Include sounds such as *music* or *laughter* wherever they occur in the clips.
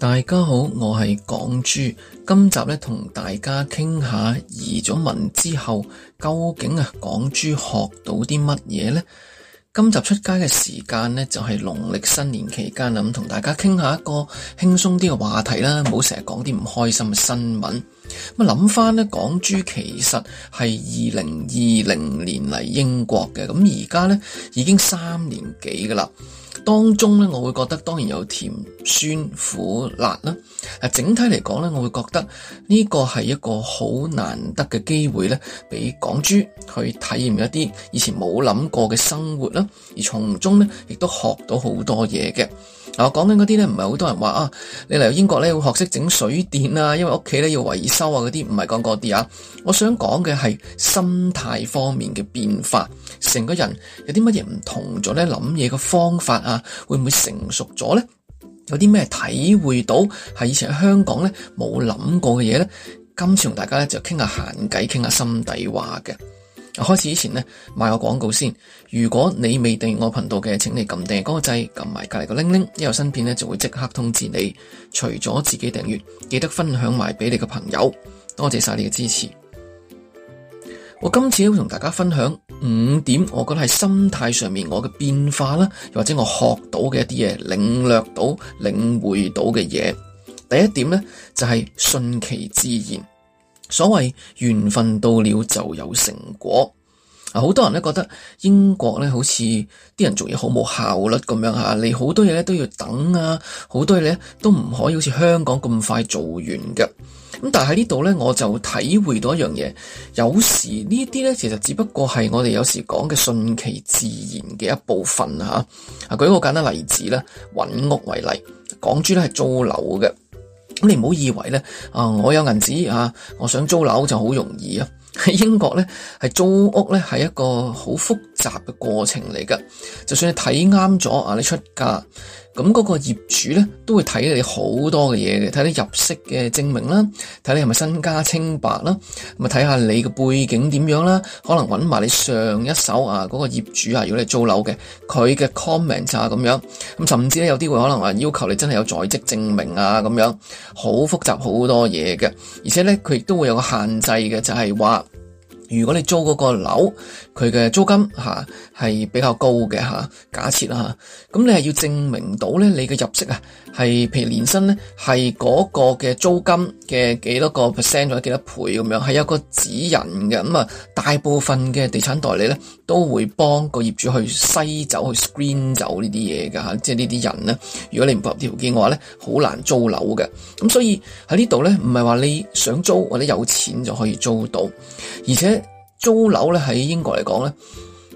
大家好，我係港豬。今集呢，同大家傾下移咗民之後，究竟啊港豬學到啲乜嘢呢？今集出街嘅時間呢，就係農曆新年期間啦，咁、嗯、同大家傾下一個輕鬆啲嘅話題啦，唔好成日講啲唔開心嘅新聞。咁諗返呢，港豬其實係二零二零年嚟英國嘅，咁而家呢，已經三年幾噶啦。當中呢，我會覺得當然有甜酸苦辣啦。整體嚟講呢，我會覺得呢個係一個好難得嘅機會呢，俾港豬去體驗一啲以前冇諗過嘅生活啦，而從中呢亦都學到好多嘢嘅。嗱，講緊嗰啲呢，唔係好多人話啊，你嚟英國呢，要學識整水電啊，因為屋企呢要維。啊，啲唔係講啲啊，我想講嘅係心態方面嘅變化，成個人有啲乜嘢唔同咗呢？諗嘢嘅方法啊，會唔會成熟咗呢？有啲咩體會到係以前喺香港呢冇諗過嘅嘢呢？今次同大家呢，就傾下閒偈，傾下心底話嘅。開始之前咧，買個廣告先。如果你未訂我頻道嘅，請你撳訂閱嗰個掣，撳埋隔籬個鈴鈴，一有新片呢，就會即刻通知你。除咗自己訂閱，記得分享埋俾你嘅朋友。多謝晒你嘅支持。我今次會同大家分享五點，我覺得係心態上面我嘅變化啦，又或者我學到嘅一啲嘢，領略到、領會到嘅嘢。第一點呢，就係順其自然。所謂緣分到了就有成果，啊！好多人呢覺得英國呢好似啲人做嘢好冇效率咁樣嚇，啊，你好多嘢呢都要等啊，好多嘢呢都唔可以好似香港咁快做完嘅。咁、啊、但係喺呢度呢，我就體會到一樣嘢，有時呢啲呢，其實只不過係我哋有時講嘅順其自然嘅一部分嚇、啊。啊，舉個簡單例子啦，揾屋為例，港豬呢係租樓嘅。咁你唔好以為咧，啊、哦，我有銀紙啊，我想租樓就好容易啊！喺 *laughs* 英國咧，係租屋咧係一個好複雜嘅過程嚟㗎。就算你睇啱咗啊，你出價。咁嗰個業主咧都會睇你好多嘅嘢嘅，睇你入息嘅證明啦，睇你係咪身家清白啦，咁啊睇下你嘅背景點樣啦，可能揾埋你上一手啊嗰個業主啊，如果你租樓嘅，佢嘅 comments 啊咁樣，咁甚至咧有啲會可能話要求你真係有在職證明啊咁樣，好複雜好多嘢嘅，而且咧佢亦都會有個限制嘅，就係話。如果你租嗰個樓，佢嘅租金嚇係比較高嘅嚇，假設啦嚇，咁你係要證明到咧你嘅入息啊。係，譬如年薪咧，係嗰個嘅租金嘅幾多個 percent，或者幾多倍咁樣，係有一個指引嘅。咁啊，大部分嘅地產代理咧，都會幫個業主去篩走、去 screen 走呢啲嘢㗎嚇。即係呢啲人咧，如果你唔符合條件嘅話咧，好難租樓嘅。咁所以喺呢度咧，唔係話你想租或者有錢就可以租到，而且租樓咧喺英國嚟講咧，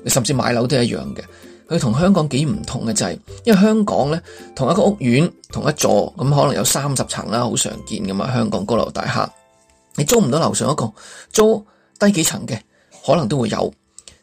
你甚至買樓都係一樣嘅。佢同香港幾唔同嘅就係，因為香港呢同一個屋苑同一座咁可能有三十層啦，好常見㗎嘛。香港高樓大廈，你租唔到樓上一個，租低幾層嘅可能都會有，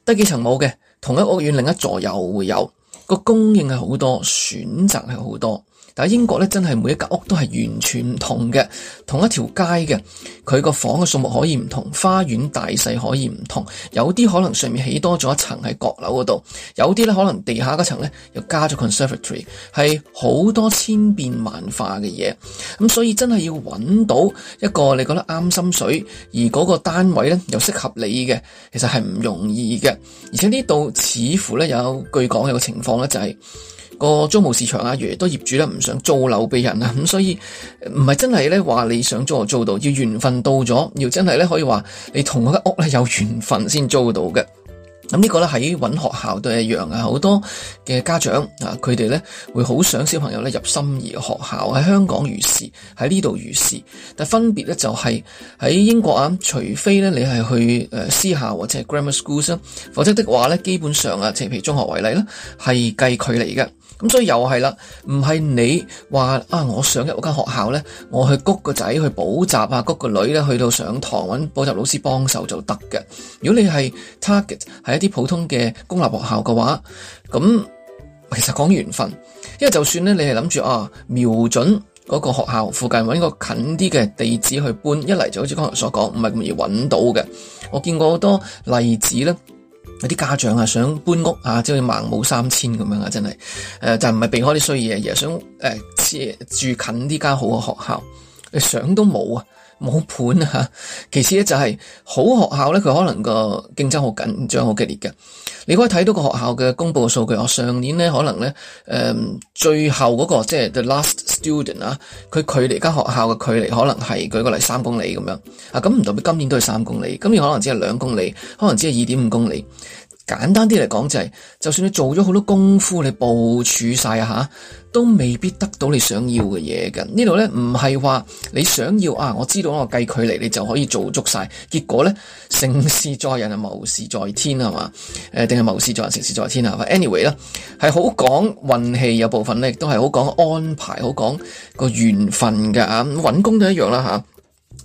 低幾層冇嘅同一個屋苑另一座又會有，個供應係好多，選擇係好多。但係英國咧，真係每一間屋都係完全唔同嘅，同一條街嘅，佢個房嘅數目可以唔同，花園大細可以唔同，有啲可能上面起多咗一層喺閣樓嗰度，有啲咧可能地下嗰層咧又加咗 conservatory，係好多千變萬化嘅嘢。咁、嗯、所以真係要揾到一個你覺得啱心水，而嗰個單位咧又適合你嘅，其實係唔容易嘅，而且呢度似乎咧有據講有個情況咧就係、是。個租務市場啊，越嚟越多業主咧唔想租樓畀人啊，咁所以唔係真係咧話你想租就租到，要緣分到咗，要真係咧可以話你同嗰間屋咧有緣分先租到嘅。咁呢個咧喺揾學校都係一樣啊，好多嘅家長啊，佢哋咧會好想小朋友咧入心儀嘅學校，喺香港如是，喺呢度如是，但分別咧就係喺英國啊，除非咧你係去誒私校或者 Grammar Schools，否則的話咧基本上啊，譬如中學為例啦，係計距離嘅。咁、嗯、所以又係啦，唔係你話啊，我想入嗰間學校咧，我去谷個仔去補習啊，谷個女咧去到上堂揾補習老師幫手就得嘅。如果你係 target 係一啲普通嘅公立學校嘅話，咁其實講緣分，因為就算咧你係諗住啊瞄準嗰個學校附近揾個近啲嘅地址去搬，一嚟就好似剛才所講，唔係咁易揾到嘅。我見過好多例子咧。有啲家長啊，想搬屋啊，即係孟母三遷咁樣啊，真係，誒、呃，但唔係避開啲衰嘢，而係想誒、呃、住近呢間好嘅學校，想都冇啊，冇盤啊，其次咧就係、是、好學校咧，佢可能個競爭好緊張，好激烈嘅。你可以睇到個學校嘅公布嘅數據，我上年咧可能咧，誒、嗯，最後嗰、那個即係 the last student 啊，佢距離間學校嘅距離可能係舉個例三公里咁樣，啊咁唔代表今年都係三公里，今年可能只係兩公里，可能只係二點五公里。簡單啲嚟講就係、是，就算你做咗好多功夫，你部署晒啊吓，都未必得到你想要嘅嘢嘅。呢度咧唔係話你想要啊，我知道我計距離，你就可以做足晒。結果咧，成事在人啊，謀事在天啊嘛。誒，定係謀事在人，成事在天啊、呃。Anyway 啦，係好講運氣有部分咧，亦都係好講安排，好講個緣分嘅啊。搵工都一樣啦吓。啊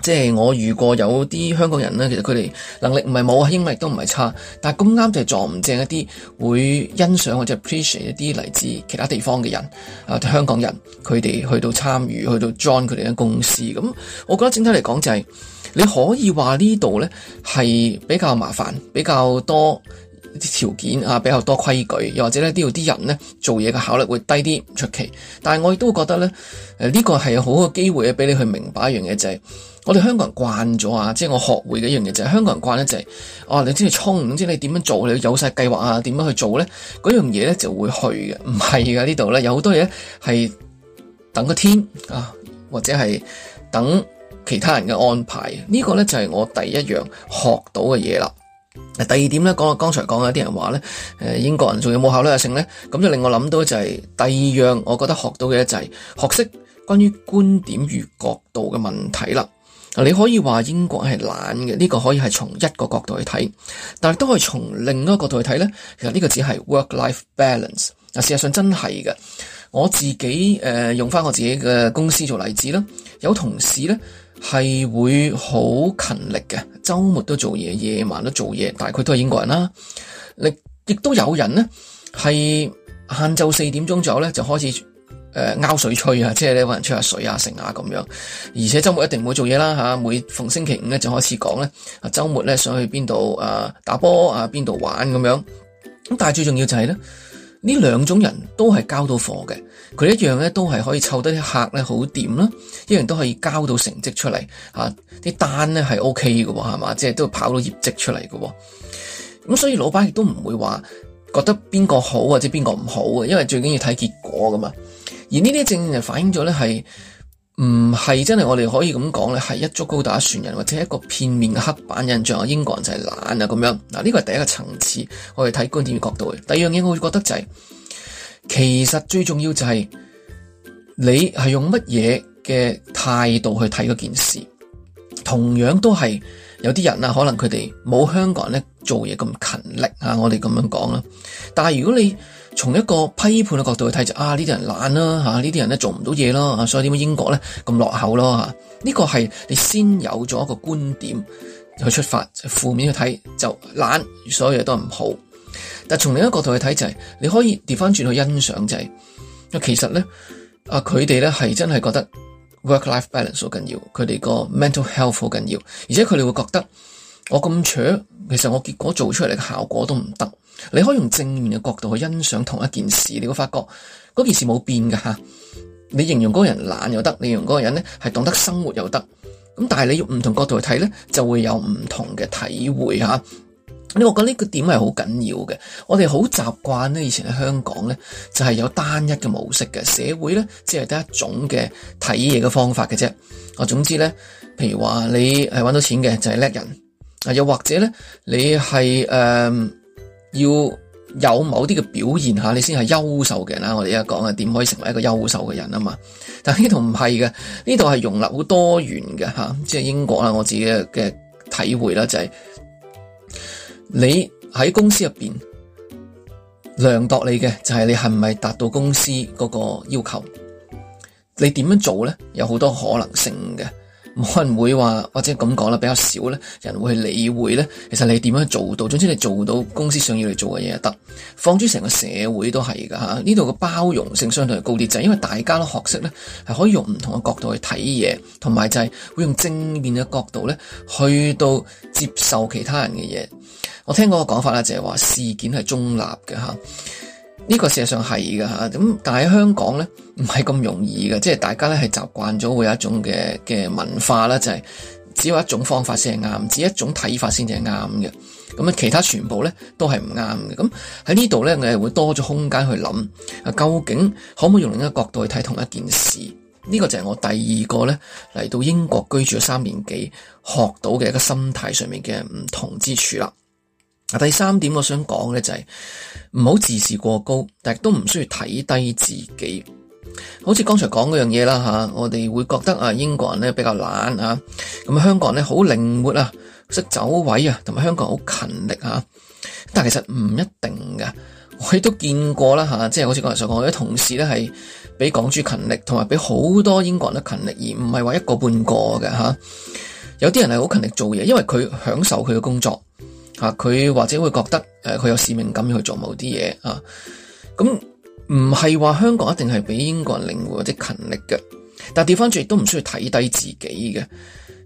即係我遇過有啲香港人呢，其實佢哋能力唔係冇啊，英文都唔係差，但係咁啱就係撞唔正一啲會欣賞或者 appreciate 一啲嚟自其他地方嘅人啊，香港人佢哋去到參與去到 join 佢哋嘅公司，咁我覺得整體嚟講就係，你可以話呢度呢係比較麻煩，比較多啲條件啊，比較多規矩，又或者咧呢度啲人呢做嘢嘅效率會低啲，唔出奇。但係我亦都覺得呢，誒呢個係好嘅機會啊，俾你去明白一樣嘢就係。我哋香港人慣咗啊，即係我學會嘅一樣嘢就係香港人慣咧，就係哦，你知道你衝，唔知你點樣做，你有晒計劃啊，點樣去做咧？嗰樣嘢咧就會去嘅，唔係噶呢度咧，有好多嘢係等個天啊，或者係等其他人嘅安排。呢個咧就係我第一樣學到嘅嘢啦。第二點咧，講我剛才講嘅啲人話咧，誒英國人仲有冇考慮性咧？咁就令我諗到就係第二樣，我覺得學到嘅就係學識關於觀點與角度嘅問題啦。你可以話英國係懶嘅，呢個可以係從一個角度去睇，但係都可以從另一個角度去睇咧。其實呢個只係 work life balance，事實上真係嘅。我自己誒、呃、用翻我自己嘅公司做例子啦，有同事咧係會好勤力嘅，周末都做嘢，夜晚都做嘢，但係佢都係英國人啦。你亦都有人咧係晏晝四點鐘左右咧就開始。誒、呃、水吹啊，即係咧搵人吹下水啊、成啊咁樣。而且週末一定唔會做嘢啦嚇，每逢星期五咧就開始講咧。啊，週末咧想去邊度啊，打波啊，邊度玩咁樣。咁但係最重要就係咧，呢兩種人都係交到貨嘅，佢一樣咧都係可以湊得啲客咧好掂啦，一樣都可以交到成績出嚟嚇，啲、啊、單咧係 O K 嘅喎，係嘛，即係都跑到業績出嚟嘅喎。咁所以老闆亦都唔會話覺得邊個好或者邊個唔好嘅，因為最緊要睇結果㗎嘛。而呢啲正就反映咗咧，係唔係真係我哋可以咁講咧？係一竹篙打一船人，或者一個片面嘅刻板印象啊，英國人就係懶啊咁樣。嗱，呢個係第一個層次，我哋睇觀點嘅角度。第二樣嘢，我會覺得就係、是、其實最重要就係、是、你係用乜嘢嘅態度去睇嗰件事。同樣都係有啲人啊，可能佢哋冇香港人咧做嘢咁勤力啊，我哋咁樣講啦。但係如果你從一個批判嘅角度去睇就是、啊，呢啲人懶啦嚇，呢、啊、啲人咧做唔到嘢咯啊，所以點解英國咧咁落後咯嚇？呢、啊呢個係你先有咗一個觀點去出發，負、就是、面去睇就懶，所有嘢都唔好。但係從另一個角度去睇就係、是，你可以調翻轉去欣賞就係、是啊，其實咧啊，佢哋咧係真係覺得 work-life balance 好緊要，佢哋個 mental health 好緊要，而且佢哋會覺得我咁扯，其實我結果做出嚟嘅效果都唔得。你可以用正面嘅角度去欣賞同一件事，你會發覺嗰件事冇變噶吓。你形容嗰個人懶又得，你形容嗰個人咧係懂得生活又得。咁但係你用唔同角度去睇咧，就會有唔同嘅體會吓。你、啊、我覺得呢個點係好緊要嘅。我哋好習慣咧，以前喺香港咧就係、是、有單一嘅模式嘅社會咧，只係得一種嘅睇嘢嘅方法嘅啫。我總之咧，譬如話你係搵到錢嘅就係、是、叻人，啊又或者咧你係誒。呃要有某啲嘅表現嚇，你先係優秀嘅人啦。我哋而家講啊，點可以成為一個優秀嘅人啊嘛？但呢度唔係嘅，呢度係容納好多元嘅嚇。即係英國啦，我自己嘅體會啦、就係，就係你喺公司入邊量度你嘅就係、是、你係唔係達到公司嗰個要求？你點樣做咧？有好多可能性嘅。冇人會話，或者咁講啦，比較少咧，人會去理會咧。其實你點樣做到，總之你做到公司想要你做嘅嘢就得。放諸成個社會都係㗎嚇，呢度嘅包容性相對高啲，就係因為大家都學識咧，係可以用唔同嘅角度去睇嘢，同埋就係會用正面嘅角度咧，去到接受其他人嘅嘢。我聽過個講法啦，就係話事件係中立嘅嚇。呢個事實上係嘅嚇，咁但係喺香港咧唔係咁容易嘅，即係大家咧係習慣咗會有一種嘅嘅文化啦，就係、是、只有一種方法先係啱，只有一種睇法先係啱嘅，咁啊其他全部咧都係唔啱嘅。咁喺呢度咧我哋會多咗空間去諗啊，究竟可唔可以用另一個角度去睇同一件事？呢、這個就係我第二個咧嚟到英國居住咗三年幾學到嘅一個心態上面嘅唔同之處啦。第三點我想講嘅就係唔好自視過高，但係都唔需要睇低自己。好似剛才講嗰樣嘢啦嚇，我哋會覺得啊英國人咧比較懶嚇，咁啊香港人咧好靈活啊，識走位啊，同埋香港好勤力嚇。但其實唔一定㗎，我亦都見過啦嚇，即係好似剛才所講，我啲同事咧係比港豬勤力，同埋比好多英國人都勤力，而唔係話一個半個嘅嚇。有啲人係好勤力做嘢，因為佢享受佢嘅工作。啊！佢或者會覺得，誒、呃，佢有使命感去做某啲嘢啊。咁唔係話香港一定係比英國人靈活或者勤力嘅，但係調翻轉亦都唔需要睇低自己嘅。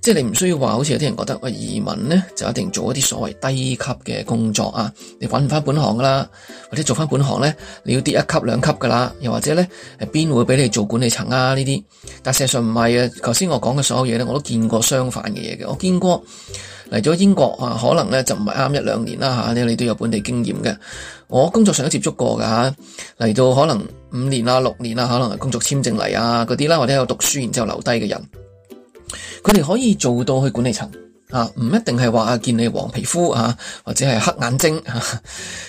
即係你唔需要話，好似有啲人覺得喂、哎、移民咧，就一定做一啲所謂低級嘅工作啊，你搵唔翻本行噶啦，或者做翻本行咧你要跌一級兩級噶啦，又或者咧邊會俾你做管理層啊呢啲？但事實上唔係啊，頭先我講嘅所有嘢咧，我都見過相反嘅嘢嘅，我見過嚟咗英國啊，可能咧就唔係啱一兩年啦吓、啊，你都有本地經驗嘅，我工作上都接觸過噶吓，嚟、啊、到可能五年啊六年啊，可能係工作簽證嚟啊嗰啲啦，或者有讀書然之後留低嘅人。佢哋可以做到去管理層啊，唔一定係話啊，見你黃皮膚啊，或者係黑眼睛啊，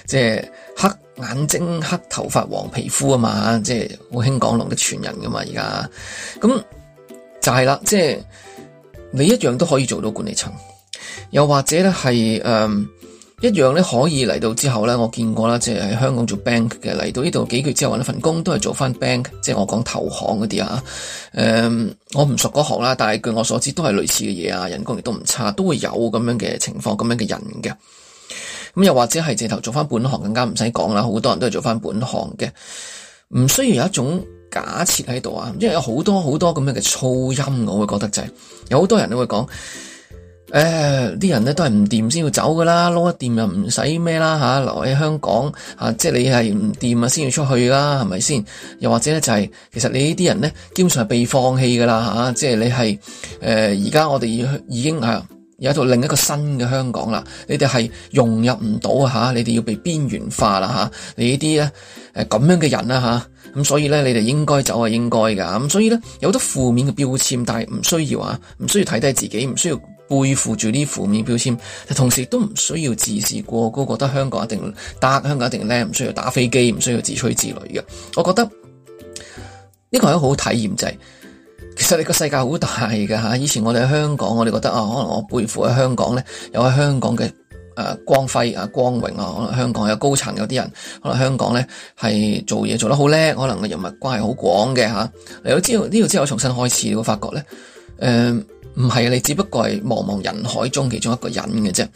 即係黑眼睛黑頭髮黃皮膚啊嘛，即係好興講龍的傳人噶嘛而家，咁就係、是、啦，即係你一樣都可以做到管理層，又或者咧係誒。嗯一樣咧可以嚟到之後咧，我見過啦，即係喺香港做 bank 嘅嚟到呢度幾個月之後揾一份工，都係做翻 bank，即係我講投行嗰啲啊。誒、嗯，我唔熟嗰行啦，但係據我所知都係類似嘅嘢啊，人工亦都唔差，都會有咁樣嘅情況，咁樣嘅人嘅。咁又或者係直頭做翻本行，更加唔使講啦，好多人都係做翻本行嘅，唔需要有一種假設喺度啊，因為有好多好多咁樣嘅噪音，我會覺得就係、是、有好多人都會講。誒啲、呃、人咧都係唔掂先要走噶啦，撈一掂又唔使咩啦嚇。喺、啊、香港嚇、啊，即係你係唔掂啊，先要出去啦，係咪先？又或者咧就係、是、其實你呢啲人咧，基本上係被放棄噶啦吓、啊，即係你係誒而家我哋已已經嚇、啊、有一套另一個新嘅香港啦。你哋係融入唔到吓，你哋要被邊緣化啦吓、啊，你呢啲咧誒咁樣嘅人啦吓，咁所以咧你哋應該走係應該噶咁，所以咧、啊、有好多負面嘅標籤，但係唔需要啊，唔需要睇低自己，唔需要。背負住啲負面標籤，同時都唔需要自視過高，覺得香港一定打香港一定叻，唔需要打飛機，唔需要自吹自擂嘅。我覺得呢個係一個好體驗制、就係。其實你個世界好大嘅嚇。以前我哋喺香港，我哋覺得啊、哦，可能我背負喺香港咧，有喺香港嘅誒、呃、光輝啊、光榮啊。可能香港有高層有啲人，可能香港咧係做嘢做得好叻，可能嘅人物關係好廣嘅嚇。有知道呢度之後重新開始，我發覺咧誒。呃唔係啊，你只不過係茫茫人海中其中一個人嘅啫，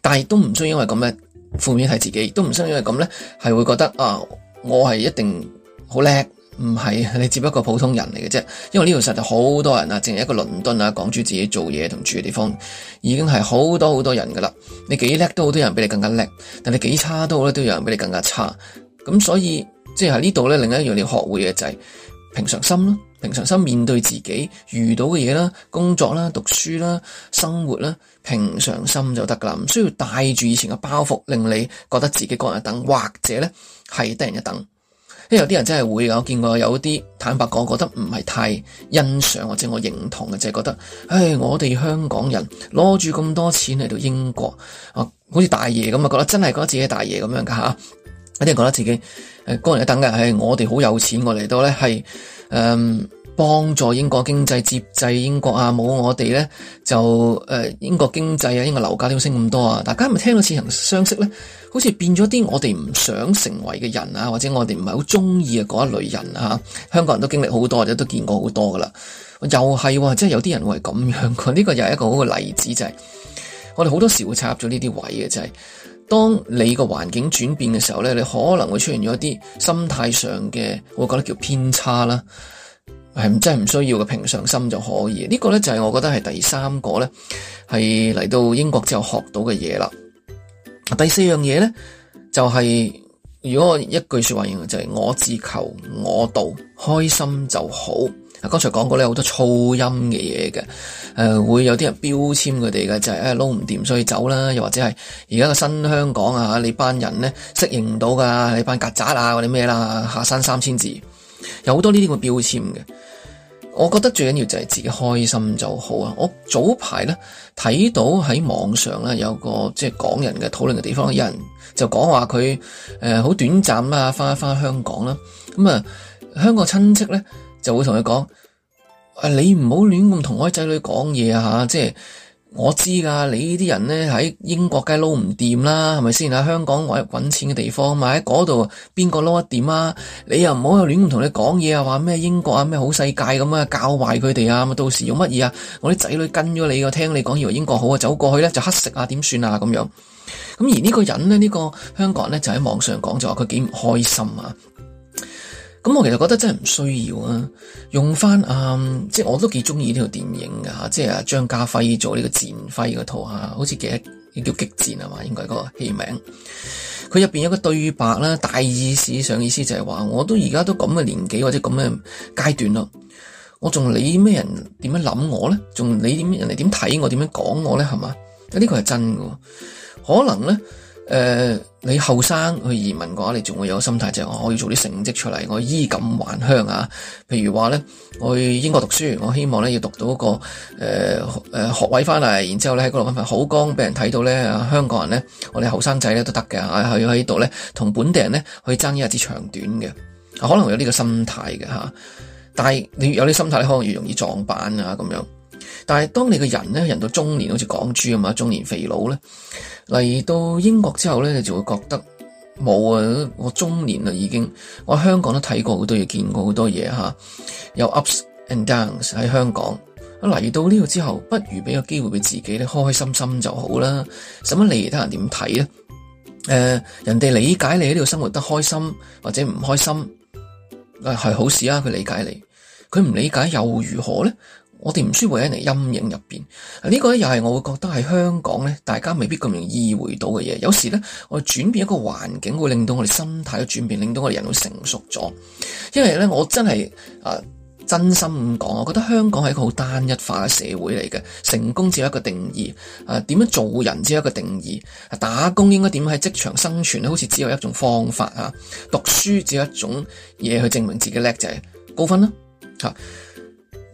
但係都唔需要因為咁咧負面睇自己，都唔需要因為咁咧係會覺得啊，我係一定好叻，唔係啊，你只不過普通人嚟嘅啫。因為呢度實在好多人啊，淨係一個倫敦啊，講住自己做嘢同住嘅地方，已經係好多好多人噶啦。你幾叻都好多人比你更加叻，但你幾差都好咧都有人比你更加差。咁所以即係喺呢度咧，另一樣你要學會嘅就係平常心咯。平常心面對自己遇到嘅嘢啦，工作啦、讀書啦、生活啦，平常心就得噶啦，唔需要帶住以前嘅包袱，令你覺得自己個人一等，或者咧係低人一等。因為有啲人真係會噶，我見過有啲坦白講，覺得唔係太欣賞或者我認同嘅，就係覺得，唉，我哋香港人攞住咁多錢嚟到英國，啊，好似大爺咁啊，覺得真係覺得自己係大爺咁樣噶嚇。啊一定覺得自己誒，高人一等嘅，係我哋好有錢，我嚟到咧係誒幫助英國經濟接濟英國啊！冇我哋咧就誒、呃、英國經濟啊，英國樓價點升咁多啊！大家係咪聽到似曾相識咧？好似變咗啲我哋唔想成為嘅人啊，或者我哋唔係好中意嘅嗰一類人啊！香港人都經歷好多，或者都見過好多噶啦，又係即係有啲人會係咁樣嘅，呢、這個又係一個好嘅例子，就係、是、我哋好多時會插咗呢啲位嘅，就係、是。當你個環境轉變嘅時候咧，你可能會出現咗一啲心態上嘅，我會覺得叫偏差啦，係唔，真係唔需要嘅，平常心就可以。這個、呢個咧就係、是、我覺得係第三個咧，係嚟到英國之後學到嘅嘢啦。第四樣嘢咧就係、是、如果我一句說話形容，就係、是、我自求我道，開心就好。嗱，剛才講過咧，好多噪音嘅嘢嘅，誒、呃、會有啲人標籤佢哋嘅，就係誒撈唔掂，所以走啦，又或者係而家個新香港啊，你班人咧適應唔到㗎，你班曱甴啊，或者咩啦，下山三千字，有好多呢啲個標籤嘅。我覺得最緊要就係自己開心就好啊！我早排咧睇到喺網上咧有個即係、就是、港人嘅討論嘅地方，有人就講話佢誒好短暫、嗯、啊，返一返香港啦，咁啊香港親戚咧。就會同佢講，「你唔好亂咁同我啲仔女講嘢啊。」即係我知噶，你啲人呢喺英國梗係撈唔掂啦，係咪先？喺香港我係搵錢嘅地方，咪喺嗰度邊個撈得掂啊？你又唔好又亂咁同你講嘢啊！是是話咩英國啊咩好世界咁啊，教壞佢哋啊！到時用乜嘢啊？我啲仔女跟咗你個，我聽你講以為英國好啊，走過去呢，就乞食啊，點算啊咁樣？咁而呢個人呢，呢、這個香港人呢，就喺網上講就話佢幾唔開心啊。咁我其實覺得真係唔需要啊！用翻啊、嗯，即係我都幾中意呢套電影嘅，即係啊張家輝做呢個賤輝個套嚇，好似叫叫激戰啊嘛，應該、嗰個戲名。佢入邊有個對白啦，大意思上，意思就係話，我都而家都咁嘅年紀或者咁嘅階段咯，我仲理咩人點樣諗我咧？仲理點人哋點睇我點樣講我咧？係嘛？呢、呢個係真嘅，可能咧。誒、呃，你後生去移民嘅話，你仲會有個心態就係我可以做啲成績出嚟，我衣錦還鄉啊。譬如話咧，我去英國讀書，我希望咧要讀到一個誒誒、呃、學位翻嚟，然之後咧喺嗰度搵份好工俾人睇到咧，香港人咧，我哋後生仔咧都得嘅啊，去喺度咧同本地人咧去爭一啲長短嘅、啊，可能有呢個心態嘅吓。但係你有呢個心態咧，可能越容易撞板啊咁樣。但係當你個人咧，人到中年，好似港豬啊嘛，中年肥佬咧，嚟到英國之後咧，你就會覺得冇啊，我中年啦，已經我喺香港都睇過好多嘢，見過好多嘢吓，有 ups and downs 喺香港。嚟到呢度之後，不如俾個機會俾自己咧，開開心心就好啦。使乜理其他人點睇咧？誒、呃，人哋理解你喺呢度生活得開心或者唔開心，誒、啊、係好事啊！佢理解你，佢唔理解又如何咧？我哋唔需要活喺人哋陰影入邊，呢、這個咧又係我會覺得係香港咧，大家未必咁容易意會到嘅嘢。有時咧，我哋轉變一個環境會令到我哋心態嘅轉變，令到我哋人會成熟咗。因為咧，我真係啊，真心咁講，我覺得香港係一個好單一化嘅社會嚟嘅。成功只有一個定義，啊點樣做人只有一個定義，啊、打工應該點樣喺職場生存咧，好似只有一種方法嚇、啊。讀書只有一種嘢去證明自己叻就係、是、高分啦、啊、嚇。啊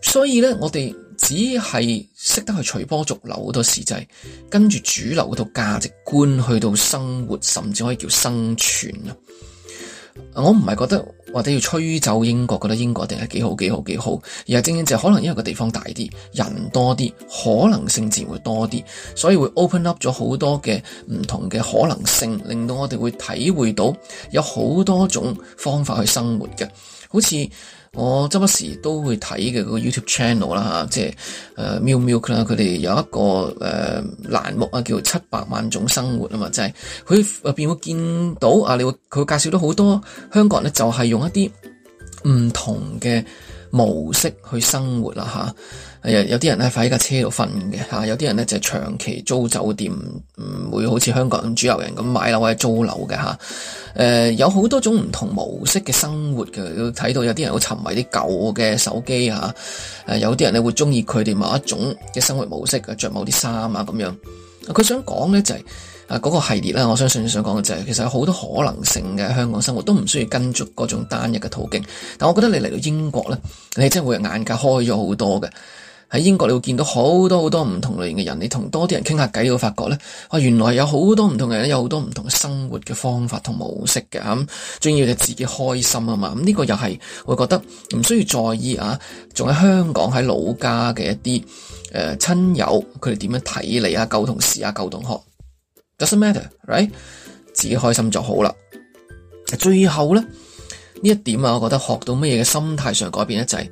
所以呢，我哋只係識得去隨波逐流，好多時就係、是，跟住主流嗰套價值觀去到生活，甚至可以叫生存啊！我唔係覺得或者要吹走英國，覺得英國一定係幾好幾好幾好，而係正正就可能因為個地方大啲，人多啲，可能性自然會多啲，所以會 open up 咗好多嘅唔同嘅可能性，令到我哋會體會到有好多種方法去生活嘅，好似。我周不時都會睇嘅嗰、那個、YouTube channel 啦、啊、嚇，即係誒 Milk Milk 啦，佢哋有一個誒、啊、欄目啊，叫做七百萬種生活啊嘛，即係佢入便會見到啊，你會佢介紹咗好多香港人咧，就係用一啲唔同嘅模式去生活啦嚇，係、啊、有啲人咧喺架車度瞓嘅嚇，有啲人咧就長期租酒店，唔會好似香港咁主流人咁買樓或者租樓嘅嚇。誒、啊，有好多種唔同模式嘅生活嘅，要睇到有啲人會沉迷啲舊嘅手機嚇，誒、啊、有啲人咧會中意佢哋某一種嘅生活模式嘅，著某啲衫啊咁樣。佢、啊、想講咧就係、是。啊，嗰個系列咧，我相信你想講嘅就係、是、其實有好多可能性嘅香港生活，都唔需要跟足嗰種單一嘅途徑。但我覺得你嚟到英國咧，你真係會眼界開咗好多嘅。喺英國你會見到好多好多唔同類型嘅人，你同多啲人傾下偈，你會發覺咧，原來有好多唔同嘅人，有好多唔同生活嘅方法同模式嘅，咁、嗯、仲要你自己開心啊嘛。咁、嗯、呢、呢個又係會覺得唔需要在意啊。仲喺香港喺老家嘅一啲誒、呃、親友，佢哋點樣睇你啊？舊同事啊，舊同學。Doesn't matter，right？自己開心就好啦。最後呢，呢一點啊，我覺得學到乜嘢嘅心態上改變一就係、是、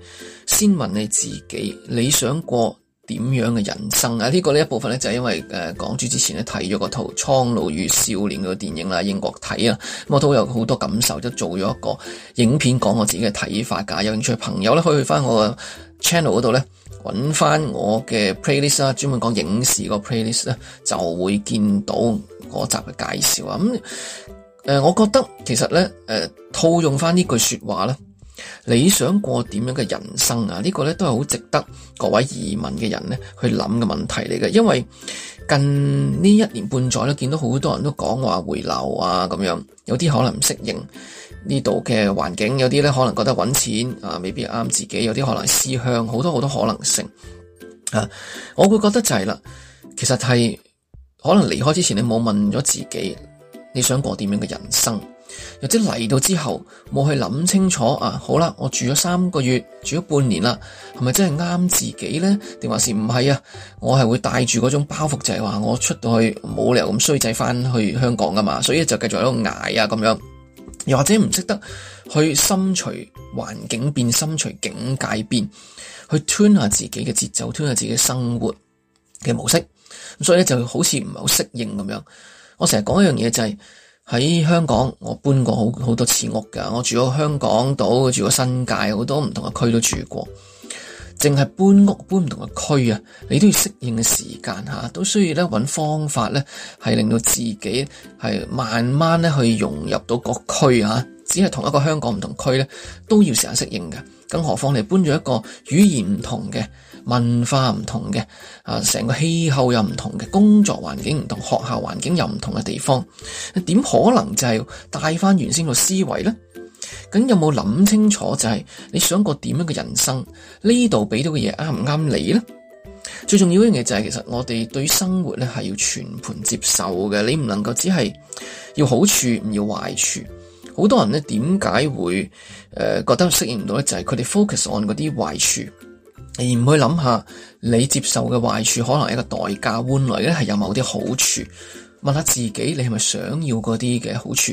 先問你自己，你想過點樣嘅人生啊？呢、這個呢一部分咧，就係因為誒講住之前咧睇咗套《蒼老與少年》個電影啦，英國睇啊，我都有好多感受，就做咗一個影片講我自己嘅睇法㗎。有興趣嘅朋友咧，可以去翻我嘅 channel 嗰度咧，揾翻我嘅 playlist 啊，專門講影視個 playlist 咧，就會見到嗰集嘅介紹啊。咁、嗯、誒、呃，我覺得其實咧，誒、呃、套用翻呢句説話咧。你想過點樣嘅人生啊？這個、呢個咧都係好值得各位移民嘅人咧去諗嘅問題嚟嘅。因為近呢一年半載咧，見到好多人都講話回流啊，咁樣有啲可能唔適應呢度嘅環境，有啲咧可能覺得搵錢啊，未必啱自己，有啲可能思鄉，好多好多可能性啊。我會覺得就係啦，其實係可能離開之前，你冇問咗自己你想過點樣嘅人生。又即嚟到之後，冇去諗清楚啊！好啦，我住咗三個月，住咗半年啦，係咪真係啱自己咧？定還是唔係啊？我係會帶住嗰種包袱，就係話我出到去冇理由咁衰仔翻去香港噶嘛，所以就繼續喺度捱啊咁樣，又或者唔識得去心隨環境變，心隨境界變，去 turn 下自己嘅節奏，turn 下自己嘅生活嘅模式，咁所以咧就好似唔係好適應咁樣。我成日講一樣嘢就係。喺香港，我搬過好好多次屋㗎，我住咗香港島，住咗新界，好多唔同嘅區都住過，淨係搬屋搬唔同嘅區啊，你都要適應嘅時間吓，都需要咧揾方法咧，係令到自己係慢慢咧去融入到個區啊。只係同一個香港唔同區咧，都要成日適應嘅，更何況你搬咗一個語言唔同嘅、文化唔同嘅、啊成個氣候又唔同嘅、工作環境唔同、學校環境又唔同嘅地方，點可能就係帶翻原先個思維咧？咁有冇諗清楚就係你想過點樣嘅人生？合合呢度俾到嘅嘢啱唔啱你咧？最重要一樣嘢就係，其實我哋對生活咧係要全盤接受嘅，你唔能夠只係要好處唔要壞處。好多人咧，點解會誒、呃、覺得適應唔到咧？就係、是、佢哋 focus on 嗰啲壞處，而唔去諗下你接受嘅壞處可能係一個代價，換來咧係有某啲好處。問下自己，你係咪想要嗰啲嘅好處？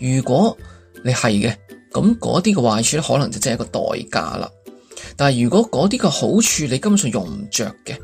如果你係嘅，咁嗰啲嘅壞處咧，可能就真係一個代價啦。但係如果嗰啲嘅好處你根本上用唔着嘅。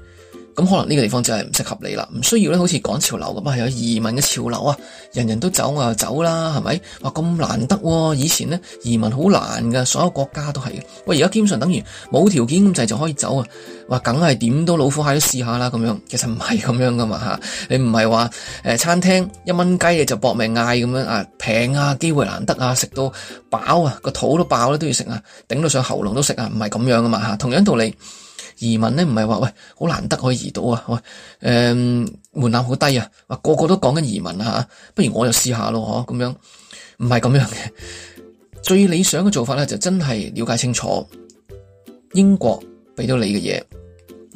咁可能呢個地方就係唔適合你啦，唔需要咧，好似趕潮流咁啊，有移民嘅潮流啊，人人都走我又走啦，係咪？話咁難得喎、啊，以前咧移民好難噶，所有國家都係。喂，而家基本上等於冇條件咁滯就可以走啊，話梗係點都老虎蟹都試下啦咁樣。其實唔係咁樣噶嘛嚇、啊，你唔係話誒餐廳一蚊雞你就搏命嗌咁樣啊，平啊，機會難得啊，食到飽啊，個肚都爆啦，都要食啊，頂到上喉嚨都食啊，唔係咁樣噶嘛嚇、啊，同樣道理。移民咧唔係話喂好難得可以移到啊喂，誒、呃、門檻好低啊，話個個都講緊移民啊吓，不如我又試下咯嗬咁樣，唔係咁樣嘅。最理想嘅做法咧就真係了解清楚英國畀到你嘅嘢，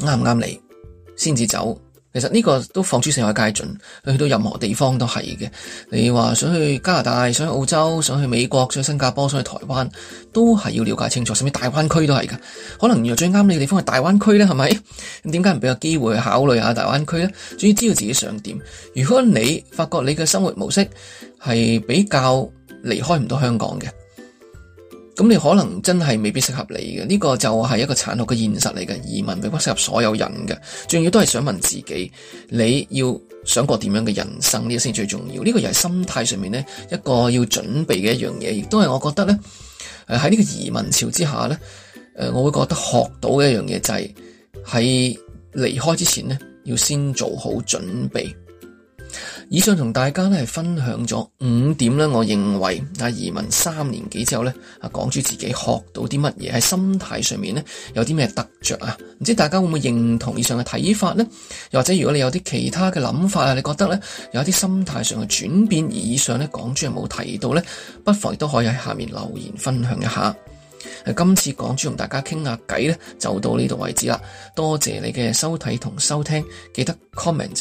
啱唔啱你先至走。其實呢個都放諸四海皆準，你去到任何地方都係嘅。你話想去加拿大，想去澳洲，想去美國，想去新加坡，想去台灣，都係要了解清楚。甚至大灣區都係噶。可能原來最啱你嘅地方係大灣區咧，係咪？咁點解唔俾個機會去考慮下大灣區咧？總之知道自己想點。如果你發覺你嘅生活模式係比較離開唔到香港嘅。咁你可能真係未必適合你嘅。呢個就係一個殘酷嘅現實嚟嘅，移民未必適合所有人嘅，仲要都係想問自己你要想過點樣嘅人生呢？一先最重要呢個又係心態上面咧一個要準備嘅一樣嘢，亦都係我覺得咧誒喺呢個移民潮之下咧誒我會覺得學到嘅一樣嘢就係喺離開之前咧要先做好準備。以上同大家咧係分享咗五點咧，我認為阿移民三年幾之後咧，阿港豬自己學到啲乜嘢，喺心態上面咧有啲咩得着啊？唔知大家會唔會認同以上嘅睇法咧？又或者如果你有啲其他嘅諗法啊，你覺得咧有啲心態上嘅轉變，而以上咧港豬有冇提到咧，不妨都可以喺下面留言分享一下。今次港豬同大家傾下偈咧，就到呢度為止啦。多謝你嘅收睇同收聽，記得 comment。